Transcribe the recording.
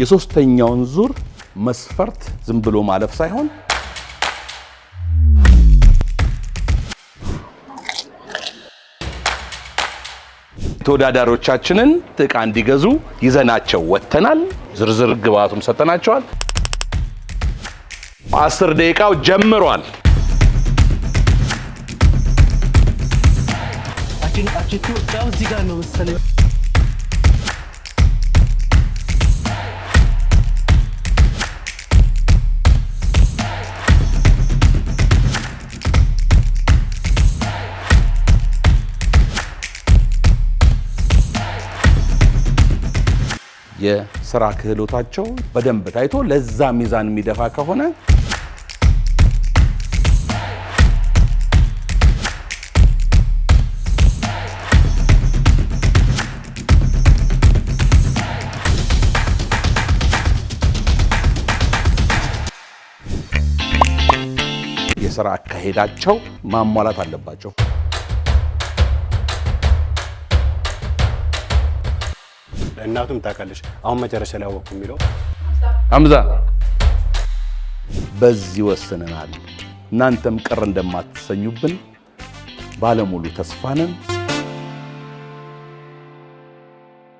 የሶስተኛውን ዙር መስፈርት ዝም ብሎ ማለፍ ሳይሆን ተወዳዳሪዎቻችንን እቃ እንዲገዙ ይዘናቸው ወጥተናል። ዝርዝር ግብአቱም ሰጠናቸዋል። አስር ደቂቃው ጀምሯል። እዚህ ጋር ነው መሰለኝ። የስራ ክህሎታቸው በደንብ ታይቶ ለዛ ሚዛን የሚደፋ ከሆነ የስራ አካሄዳቸው ማሟላት አለባቸው። እናቱም ታውቃለች። አሁን መጨረሻ ላይ አወቅኩ የሚለው አምዛ በዚህ ወስነናል። እናንተም ቅር እንደማትሰኙብን ባለሙሉ ተስፋ ነን።